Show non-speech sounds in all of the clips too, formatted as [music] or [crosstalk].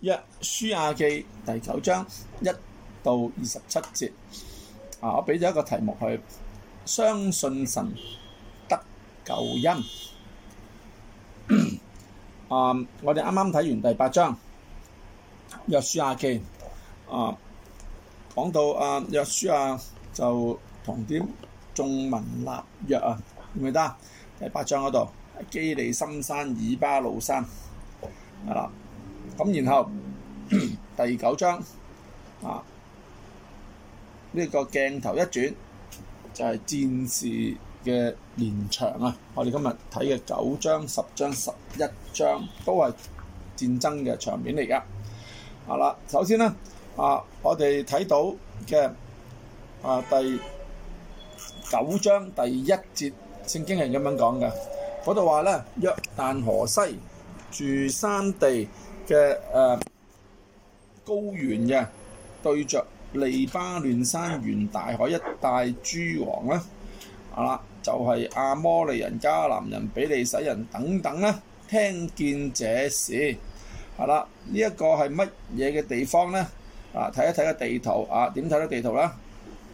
約書亞記第九章一到二十七節啊，我俾咗一個題目佢，相信神，得救恩。 [coughs] 啊，我哋啱啱睇完第八章約書亞記啊，講到啊約書亞就同啲眾民立約啊，記唔記得啊？第八章嗰度基利心山、以巴魯山係啦。咁，然後第九章啊，呢個鏡頭一轉就係戰事嘅連場啊！我哋今日睇嘅九章、十章、十一章都係戰爭嘅場面嚟噶。好啦，首先咧啊，我哋睇到嘅啊第九章第一節聖經係咁樣講嘅，嗰度話咧約但河西住山地。嘅誒高原嘅，對著利巴嫩山沿大海一帶諸王咧，啊啦，就係亞摩利人、迦南人、比利洗人等等咧。聽見這事，係啦，呢一個係乜嘢嘅地方咧？啊，睇一睇個地圖啊，點睇個地圖啦？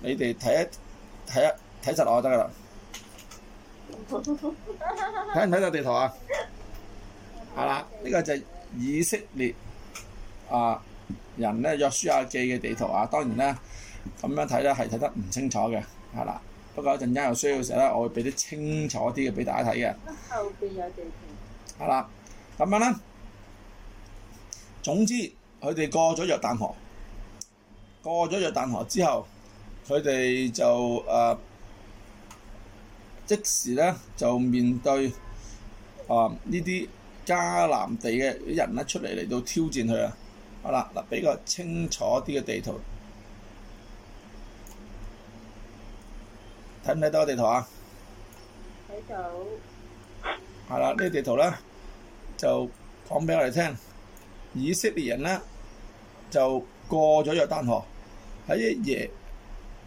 你哋睇一睇一睇實我得㗎啦。睇唔睇到地圖啊？係啦，呢個就。以色列啊人咧約書亞記嘅地圖啊，當然啦，咁樣睇咧係睇得唔清楚嘅，係啦。不過一陣間有需要嘅時候咧，我會俾啲清楚啲嘅俾大家睇嘅。後邊有地圖。係啦，咁、嗯、樣啦。總之佢哋過咗約旦河，過咗約旦河之後，佢哋就誒、啊、即時咧就面對啊呢啲。迦南地嘅啲人咧出嚟嚟到挑戰佢啊！好啦，嗱比較清楚啲嘅地圖，睇唔睇到個地圖啊？睇到。係啦，呢個地圖咧就講俾我哋聽，以色列人咧就過咗約旦河喺耶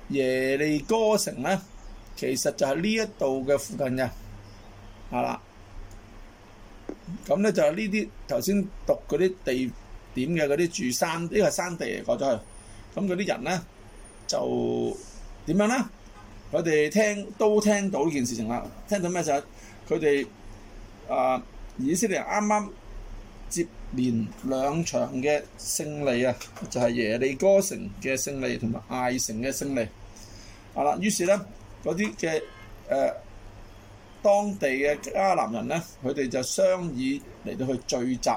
耶利哥城咧，其實就係呢一度嘅附近嘅，係啦。咁咧就係呢啲頭先讀嗰啲地點嘅嗰啲住山，呢個係山地嚟，過咗去。咁嗰啲人咧就點樣咧？佢哋聽都聽到呢件事情啦。聽到咩就係佢哋啊，以色列人啱啱接連兩場嘅勝利啊，就係耶利哥城嘅勝利同埋艾城嘅勝利。啊啦，於是咧嗰啲嘅誒。當地嘅迦南人咧，佢哋就商議嚟到去聚集，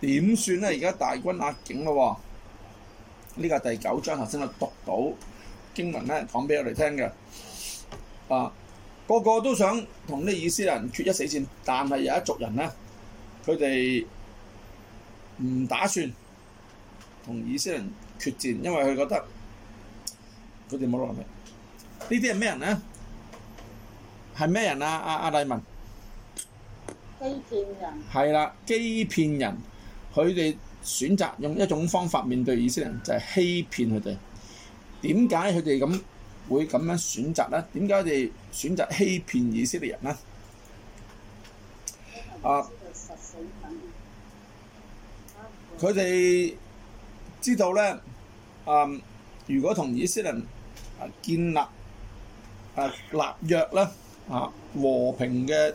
點算咧？而家大軍壓境咯、哦，呢、這個第九章頭先我讀到經文咧，講俾我哋聽嘅，啊，個個都想同啲以色列人決一死戰，但係有一族人咧，佢哋唔打算同以色列人決戰，因為佢覺得佢哋冇攞命。呢啲係咩人咧？係咩人啊？阿阿麗文，欺騙人係啦，欺騙人，佢哋選擇用一種方法面對以色列人，就係、是、欺騙佢哋。點解佢哋咁會咁樣選擇咧？點解佢哋選擇欺騙以色列人咧？啊！佢哋知道咧，嗯，如果同以色列人啊建立啊立約咧。啊！和平嘅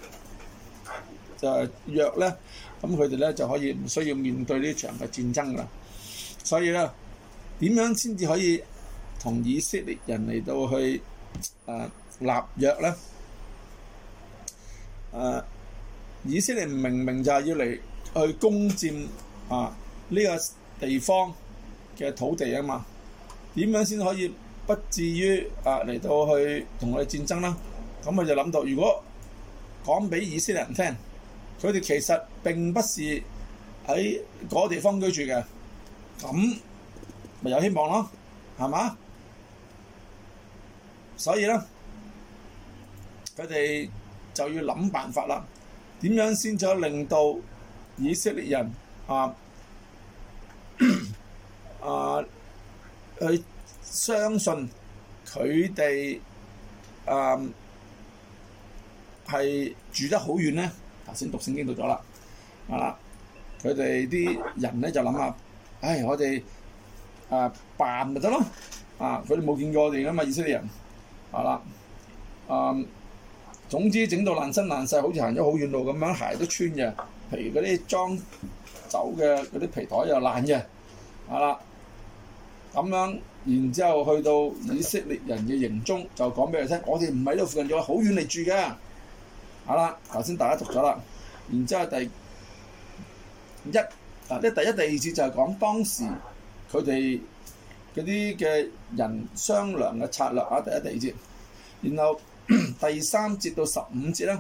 誒約咧，咁佢哋咧就可以唔需要面對呢場嘅戰爭啦。所以咧，點樣先至可以同以色列人嚟到去誒立約咧？誒，以色列明明就係要嚟去攻佔啊呢個地方嘅土地啊嘛。點樣先可以不至於啊嚟到去同佢哋戰爭啦？咁我就諗到，如果講俾以色列人聽，佢哋其實並不是喺嗰地方居住嘅，咁咪有希望咯，係嘛？所以咧，佢哋就要諗辦法啦，點樣先至令到以色列人啊啊去相信佢哋啊？係住得好遠咧，啊！頭先讀聖經到咗啦，啊！佢哋啲人咧就諗下，唉，我哋誒扮咪得咯，啊！佢哋冇見過我哋啊嘛，以色列人，係啦，嗯，總之整到爛身爛世，好似行咗好遠路咁樣，鞋都穿嘅，譬如嗰啲裝酒嘅嗰啲皮袋又爛嘅，啊！咁樣然之後去到以色列人嘅營中，就講俾佢聽：我哋唔喺呢度附近住，好遠嚟住嘅。好啦，頭先大家讀咗啦，然之後第一啊，即第一、第二節就係講當時佢哋嗰啲嘅人商量嘅策略啊。第一、第二節，然後 [coughs] 第三節到十五節咧，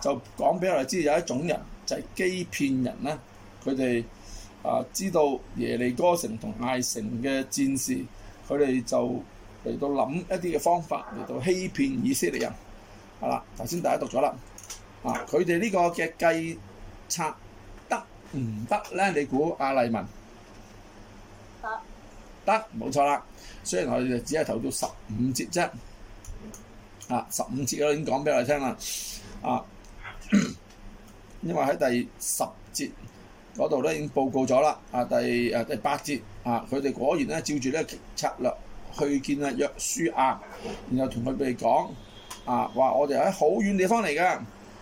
就講俾我哋知有一種人就係欺騙人咧。佢哋啊知道耶利哥城同艾城嘅戰士，佢哋就嚟到諗一啲嘅方法嚟到欺騙以色列人。好啦，頭先大家讀咗啦。啊！佢哋呢個嘅計策得唔得咧？你估阿、啊、麗文、啊、得得冇錯啦。雖然我哋就只係投到十五節啫，啊十五節啦，已經講俾我哋聽啦。啊，啊 [coughs] 因為喺第十節嗰度咧已經報告咗啦。啊，第誒第八節啊，佢哋、啊、果然咧照住呢個策略去見啊約書亞，然後同佢哋講啊話：我哋喺好遠地方嚟㗎。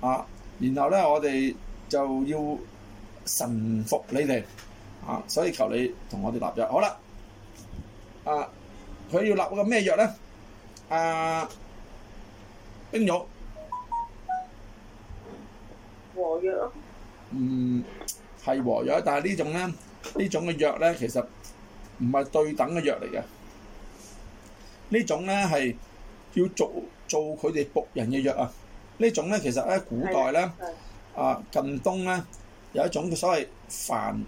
啊，然後咧，我哋就要臣服你哋啊，所以求你同我哋立約。好啦，啊，佢要立個咩約咧？啊，兵約和約咯。嗯，係和約，但係呢種咧，呢種嘅約咧，其實唔係對等嘅約嚟嘅。呢種咧係要做做佢哋僕人嘅約啊。呢種咧，其實咧，古代咧，啊近東咧，有一種所謂凡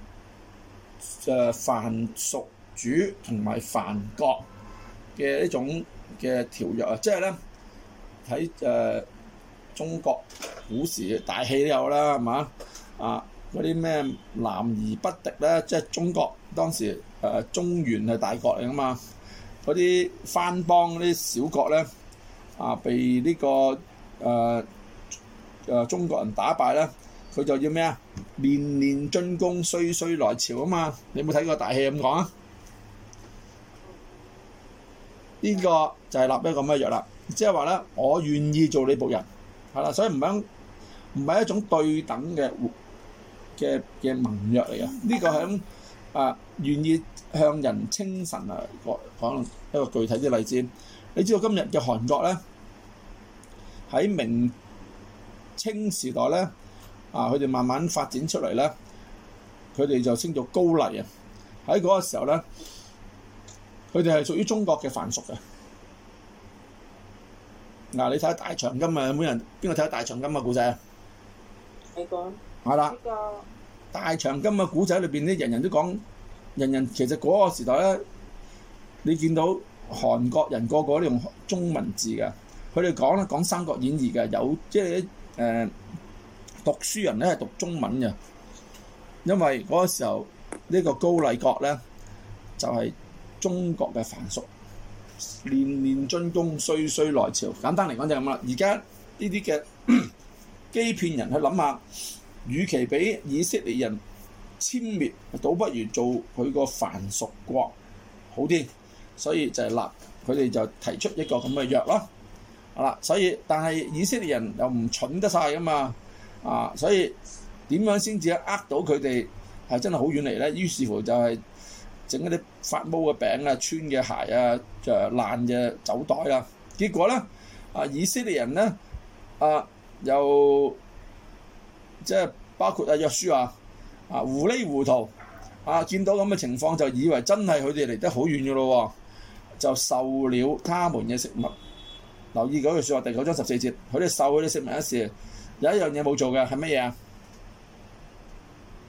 誒凡屬主同埋凡國嘅一種嘅條約啊，即係咧喺誒中國古時大戲都有啦，係嘛，啊嗰啲咩南夷北狄咧，即係中國當時誒中原係大國嚟啊嘛，嗰啲番邦嗰啲小國咧啊，被呢個。誒誒、呃呃，中國人打敗啦，佢就要咩啊？年年進攻，歲歲來朝啊嘛！你有冇睇過大戲咁講啊？呢、這個就係立一個咩約啦？即係話咧，我願意做你僕人，係啦，所以唔係唔係一種對等嘅嘅嘅盟約嚟嘅。呢、這個係咁啊，願意向人稱臣啊，講講一個具體啲例子。你知道今日嘅韓國咧？喺明清時代咧，啊，佢哋慢慢發展出嚟咧，佢哋就稱做高麗啊。喺嗰個時候咧，佢哋係屬於中國嘅藩屬嘅。嗱，你睇下大長今啊，每人邊個睇下大長今嘅古仔啊？你講係啦，大長今嘅古仔裏邊咧，人人都講，人人其實嗰個時代咧，你見到韓國人個個都用中文字嘅。佢哋講咧，講講《三國演義》嘅有即係誒、呃、讀書人咧係讀中文嘅，因為嗰個時候呢、呢個高麗國咧就係、是、中國嘅藩屬，年年進攻，歲歲來朝。簡單嚟講就係咁啦。而家呢啲嘅欺騙人去諗下，與其俾以色列人殲滅，倒不如做佢個藩屬國好啲，所以就係立佢哋就提出一個咁嘅約咯。係啦，所以但係以色列人又唔蠢得晒噶嘛，啊，所以點樣先至呃到佢哋係真係好遠嚟咧？於是乎就係整嗰啲發毛嘅餅啊、穿嘅鞋啊、就、啊、爛嘅酒袋啊。結果咧，啊以色列人咧，啊又即係、就是、包括啊約書亞啊糊裏糊塗，糊塗啊，見到咁嘅情況就以為真係佢哋嚟得好遠噶咯、啊，就受了他們嘅食物。留意嗰句説話，第九章十四節，佢哋受佢哋食物嗰時，有一樣嘢冇做嘅係咩嘢啊？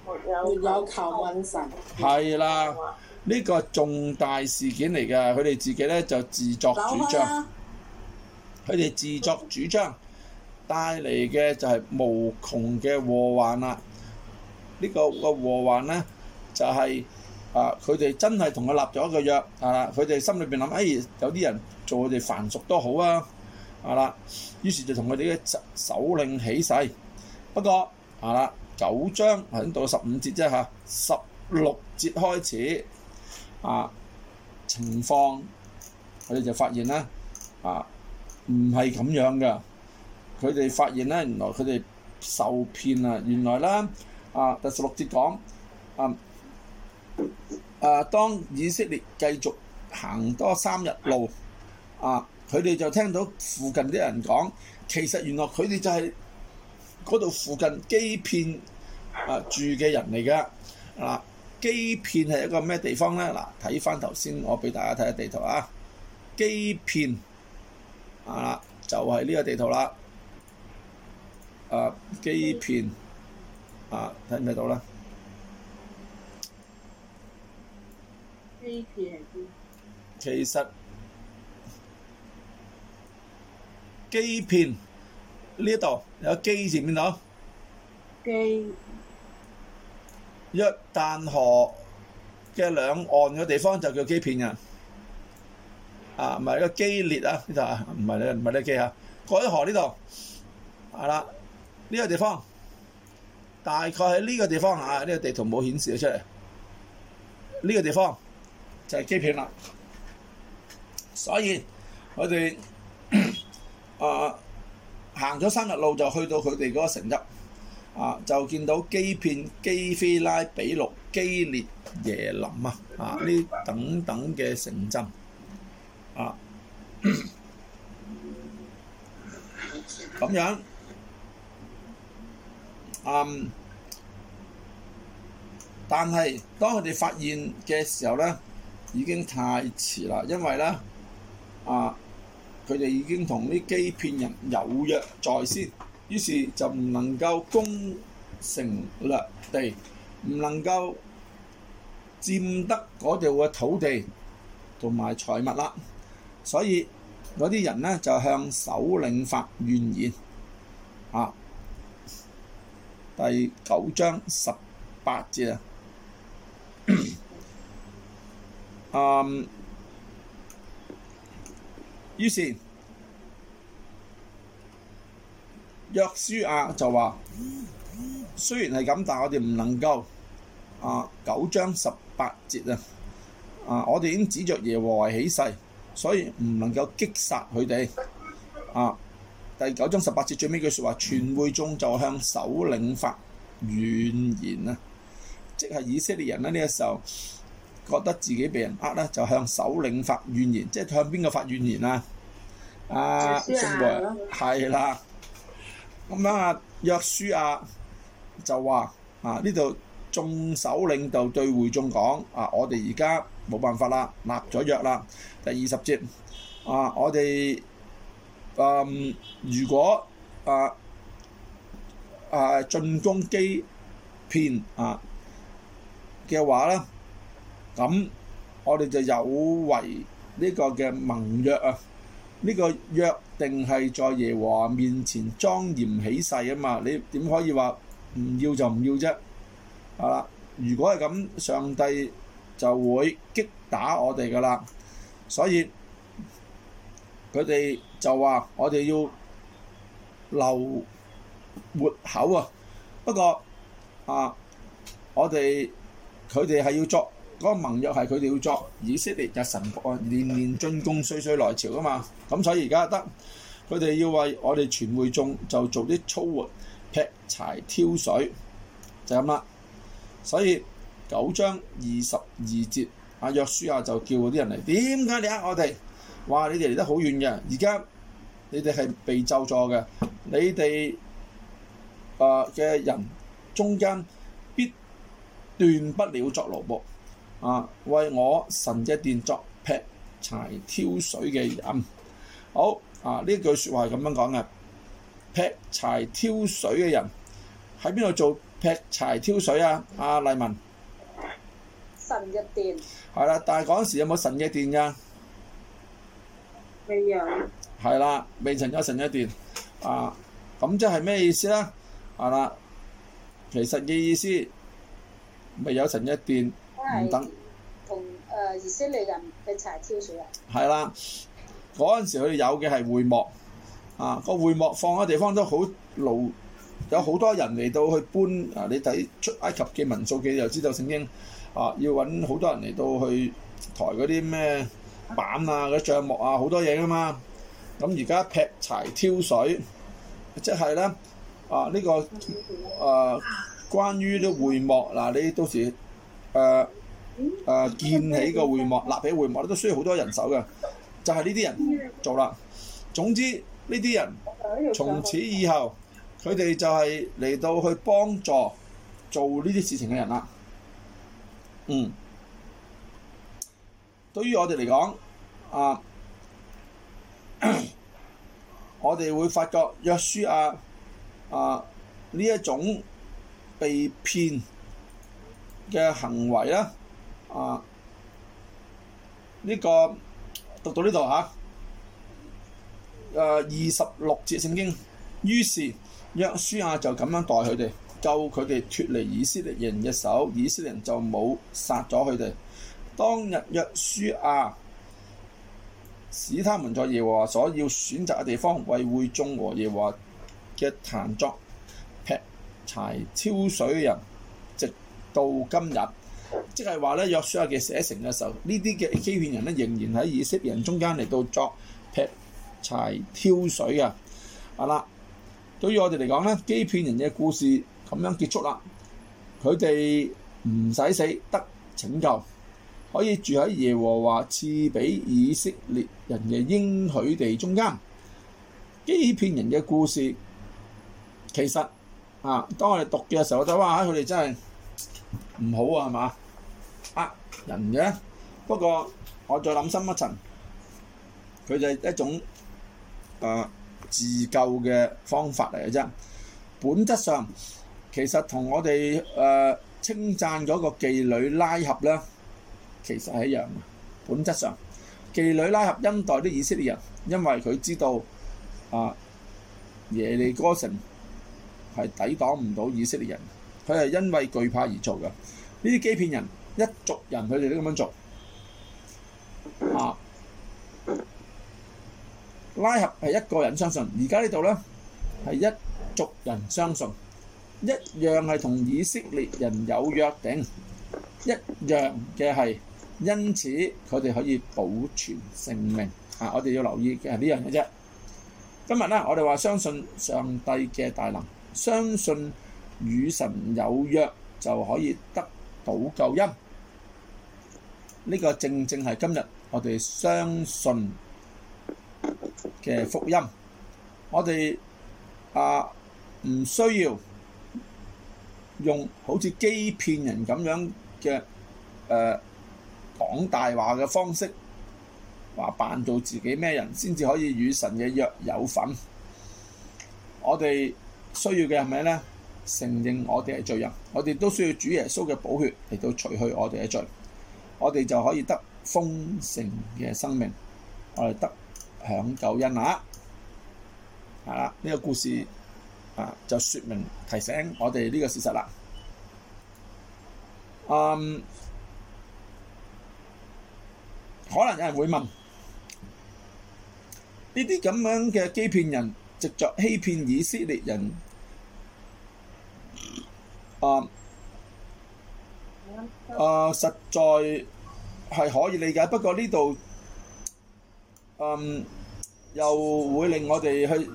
沒有求問神，係啦，呢個重大事件嚟嘅，佢哋自己咧就自作主張。講開啦，佢哋自作主張帶嚟嘅就係無窮嘅禍患啦。呢個個禍患咧就係啊，佢哋真係同佢立咗一個約啊！佢哋心裏邊諗，哎，有啲人做佢哋凡俗都好啊。啊啦，於是就同佢哋嘅首領起誓。不過啊啦，九章係到十五節啫嚇，十六節開始啊，情況佢哋就發現咧，啊唔係咁樣嘅。佢哋發現咧，原來佢哋受騙啊。原來咧，啊第十六節講啊，誒、啊、當以色列繼續行多三日路啊。佢哋就聽到附近啲人講，其實原來佢哋就係嗰度附近基遍住啊住嘅人嚟嘅。嗱，基遍係一個咩地方咧？嗱、啊，睇翻頭先，我俾大家睇下地圖啊。基遍，啊，就係、是、呢個地圖啦。啊，基遍啊，睇唔睇到咧？基遍係邊？其實。基遍呢一度有基字邊度？基約旦河嘅兩岸嘅地方就叫基遍嘅。啊，唔係個基列啊，呢度啊，唔係咧，唔係咧，基吓過咗河呢度係啦，呢個地方大概喺呢個地方吓，呢個地圖冇顯示出嚟，呢個地方就係基遍啦，所以我哋。啊！行咗三日路就去到佢哋嗰個城邑，啊，就見到基遍、基非拉、比錄、基列耶琳啊，啊，呢等等嘅城鎮，啊，咁樣，嗯，但係當佢哋發現嘅時候咧，已經太遲啦，因為咧，啊。佢哋已經同啲基遍人有約在先，於是就唔能夠攻城略地，唔能夠佔得嗰度嘅土地同埋財物啦。所以嗰啲人呢，就向首領發怨言。啊，第九章十八節啊。 [coughs] um, 於是約書亞就話：雖然係咁，但我哋唔能夠，啊九章十八節啊啊！我哋已經指著耶和華起誓，所以唔能夠擊殺佢哋啊！第九章十八節最尾句説話：全會眾就向首領發怨言啦，即係以色列人呢、啊，呢個時候。覺得自己被人呃啦，就向首領發怨言，即係向邊個發怨言啊？啊，眾人係啦。咁啊，約書亞就話：啊，呢度眾首領就對會眾講：啊，我哋而家冇辦法啦，立咗約啦。第二十節啊，我哋啊，如果啊啊進攻基遍啊嘅話咧，咁我哋就有違呢個嘅盟約啊！呢個約定係在耶和華面前莊嚴起誓啊嘛，你點可以話唔要就唔要啫？啊！如果係咁，上帝就會擊打我哋㗎喇。所以佢哋就話：我哋要留活口啊！不過啊，我哋佢哋係要作。嗰個盟約係佢哋要作以色列日神國，年年進貢，歲歲來朝噶嘛。咁所以而家得佢哋要為我哋全會眾就做啲粗活劈柴、挑水就咁啦。所以九章二十二節阿約書亞就叫啲人嚟，點解你呃我哋？哇！你哋嚟得好遠嘅，而家你哋係被咒詛嘅，你哋啊嘅人中間必斷不了作奴僕。啊！為我神嘅殿作劈柴挑水嘅人，好啊！呢句説話係咁樣講嘅，劈柴挑水嘅人喺邊度做劈柴挑水啊？阿、啊、麗文，神嘅殿係啦，但係嗰陣時有冇神嘅殿㗎？未有係啦，未曾有神嘅殿啊！咁即係咩意思咧？係啦，其實嘅意思未有神嘅殿。唔等，同誒以色列人劈柴挑水啊！係啦，嗰陣時佢哋有嘅係會幕啊，個會幕放嘅地方都好路，有好多人嚟到去搬啊！你睇出埃及嘅民數記就知道聖經啊，要揾好多人嚟到去抬嗰啲咩板啊、嗰帳幕啊，好多嘢噶嘛。咁而家劈柴挑水，即係咧啊！呢個誒關於啲會幕嗱，你到時。誒誒、uh, uh, 建起個會幕、立起會幕咧，都需要好多人手嘅，就係呢啲人做啦。總之呢啲人從此以後，佢哋就係嚟到去幫助做呢啲事情嘅人啦。嗯，對於我哋嚟講，啊， [coughs] 我哋會發覺約書亞啊呢、啊、一種被騙。嘅行為啦，啊，呢、這個讀到呢度嚇，誒、啊、二十六節聖經，於是約書亞就咁樣待佢哋，救佢哋脫離以色列人嘅手，以色列人就冇殺咗佢哋。當日約書亞使他們在耶和華所要選擇嘅地方為會眾和耶和華嘅壇作劈柴、挑水嘅人。到今日，即係話咧，約書亞嘅寫成嘅時候，呢啲嘅基遍人咧，仍然喺以色列人中間嚟到作劈柴挑水啊。係啦，對於我哋嚟講咧，基遍人嘅故事咁樣結束啦。佢哋唔使死，得拯救，可以住喺耶和華賜俾以色列人嘅應許地中間。基遍人嘅故事其實啊，當我哋讀嘅時候，我哋哇嚇，佢哋真係～唔好啊，係嘛？呃、啊，人嘅，不過我再諗深一層，佢就係一種誒、呃、自救嘅方法嚟嘅啫。本質上其實同我哋誒、呃、稱讚嗰個妓女拉合咧，其實係一樣嘅。本質上，妓女拉合恩待啲以色列人，因為佢知道啊、呃、耶利哥城係抵擋唔到以色列人。佢係因為懼怕而做嘅。呢啲欺騙人一族人，佢哋都咁樣做啊！拉合係一個人相信，而家呢度咧係一族人相信，一樣係同以色列人有約定，一樣嘅係，因此佢哋可以保存性命啊！我哋要留意嘅係呢樣嘅啫。今日咧，我哋話相信上帝嘅大能，相信。與神有約就可以得到救恩。呢個正正係今日我哋相信嘅福音。我哋啊，唔需要用好似欺騙人咁樣嘅誒講大話嘅方式，話扮做自己咩人先至可以與神嘅約有份。我哋需要嘅係咩咧？承認我哋係罪人，我哋都需要主耶穌嘅寶血嚟到除去我哋嘅罪，我哋就可以得豐盛嘅生命，我哋得享救恩啊！係、啊、啦，呢、這個故事啊就說明提醒我哋呢個事實啦。Um, 可能有人會問：呢啲咁樣嘅基遍人，藉着欺騙以色列人。啊！啊，實在係可以理解，不過呢度嗯又會令我哋去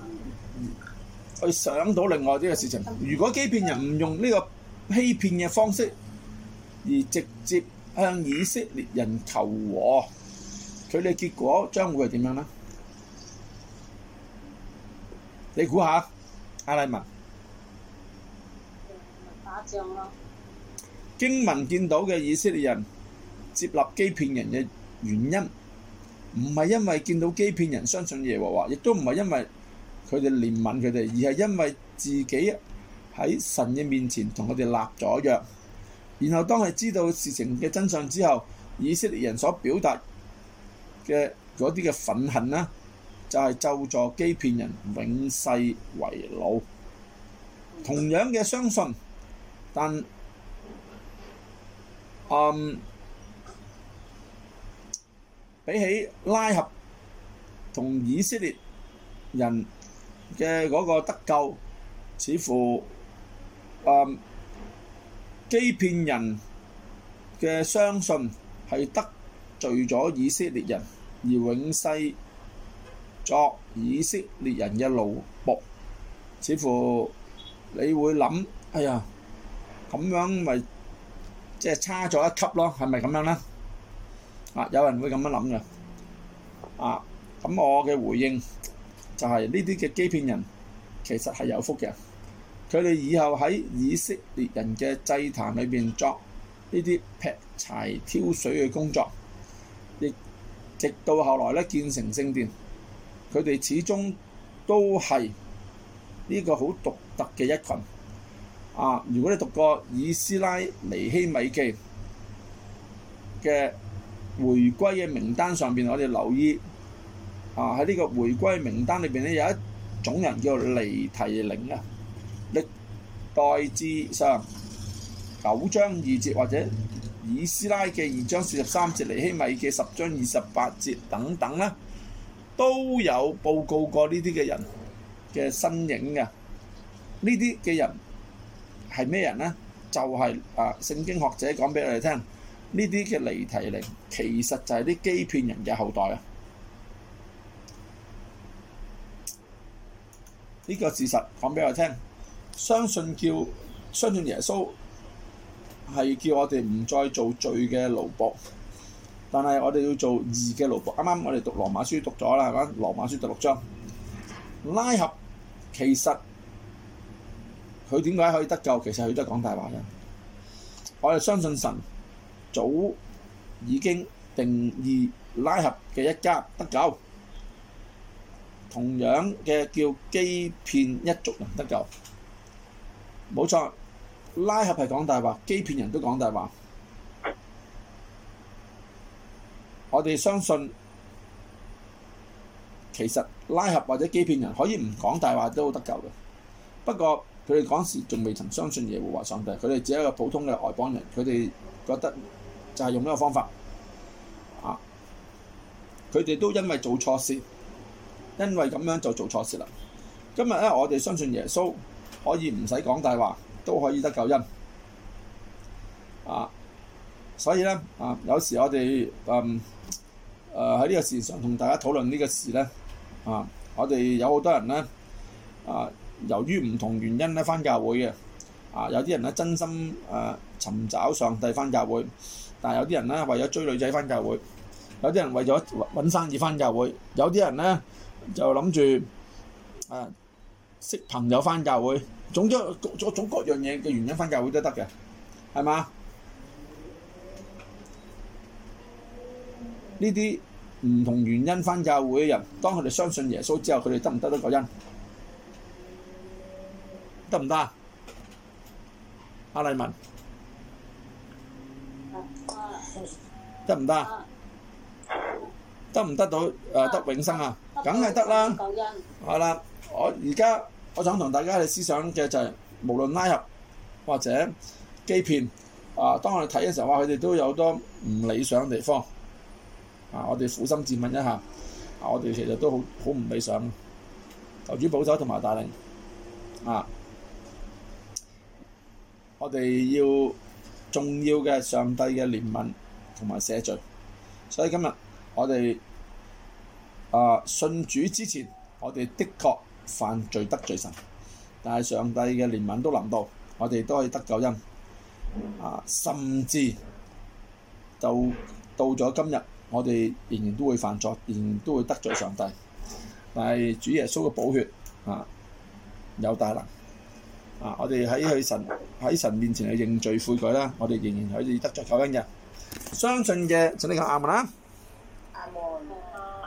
去想到另外啲嘅事情。如果基遍人唔用呢個欺騙嘅方式，而直接向以色列人求和，佢哋結果將會係點樣呢？你估下，阿禮文？咯，經文見到嘅以色列人接納基遍人嘅原因，唔係因為見到基遍人相信耶和華，亦都唔係因為佢哋憐憫佢哋，而係因為自己喺神嘅面前同佢哋立咗約。然後當係知道事情嘅真相之後，以色列人所表達嘅嗰啲嘅憤恨呢，就係咒詛基遍人永世為奴。同樣嘅相信。但，um, 比起拉合同以色列人嘅嗰個得救，似乎誒欺、um, 騙人嘅相信係得罪咗以色列人，而永世作以色列人嘅奴僕，似乎你會諗，哎呀！咁樣咪即係差咗一級咯，係咪咁樣咧？啊，有人會咁樣諗嘅，啊，咁我嘅回應就係呢啲嘅基遍人其實係有福嘅，佢哋以後喺以色列人嘅祭壇裏邊作呢啲劈柴挑水嘅工作，亦直到後來咧建成聖殿，佢哋始終都係呢個好獨特嘅一群。啊！如果你讀過以斯拉尼希米記嘅回歸嘅名單上邊，我哋留意啊，喺呢個回歸名單裏邊咧，有一種人叫做尼提寧啊，歷代志上九章二節，或者以斯拉嘅二章四十三節，尼希米嘅十章二十八節等等啦、啊，都有報告過呢啲嘅人嘅身影嘅，呢啲嘅人。係咩人呢？就係、是、啊！聖經學者講俾我哋聽，呢啲嘅尼提寧其實就係啲欺騙人嘅後代啊！呢、這個事實講俾我聽，相信叫相信耶穌係叫我哋唔再做罪嘅奴僕，但係我哋要做義嘅奴僕。啱啱我哋讀羅馬書讀咗啦，係咪？羅馬書第六章，拉合其實。佢點解可以得救？其實佢都係講大話啫。我哋相信神早已經定意拉合嘅一家得救，同樣嘅叫基遍一族人得救，冇錯。拉合係講大話，基遍人都講大話。我哋相信其實拉合或者基遍人可以唔講大話都得救嘅，不過。佢哋嗰時仲未曾相信耶和華上帝，佢哋只係一個普通嘅外邦人，佢哋覺得就係用呢個方法啊！佢哋都因為做錯事，因為咁樣就做錯事啦。今日咧，我哋相信耶穌可以唔使講大話，都可以得救恩啊！所以咧啊，有時我哋誒誒喺呢個事上同大家討論呢個事咧啊，我哋有好多人咧啊。由於唔同原因咧，翻教會嘅啊，有啲人咧真心誒、啊、尋找上帝翻教會，但係有啲人咧為咗追女仔翻教會，有啲人為咗搵生意翻教會，有啲人咧就諗住誒識朋友翻教會，總之各種各樣嘢嘅原因翻教會都得嘅，係嘛？呢啲唔同原因翻教會嘅人，當佢哋相信耶穌之後，佢哋得唔得到救恩？得唔得？阿麗文，得唔得？得唔得到？誒得永生啊！梗係得啦，係啦。我而家我想同大家嘅思想嘅就係，無論拉合或者基遍啊，當我哋睇嘅時候，話佢哋都有好多唔理想嘅地方啊。我哋苦心自問一下啊，我哋其實都好好唔理想嘅。樓主保守同埋帶領啊。我哋要重要嘅上帝嘅憐憫同埋赦罪，所以今日我哋啊信主之前，我哋的確犯罪得罪神，但係上帝嘅憐憫都臨到，我哋都可以得救恩。啊，甚至就到咗今日，我哋仍然都會犯錯，仍然都會得罪上帝，但係主耶穌嘅寶血啊有大能。啊！我哋喺佢神喺神面前去認罪悔改啦，我哋仍然可以得着救恩嘅。相信嘅，請你講啱唔啱？啱。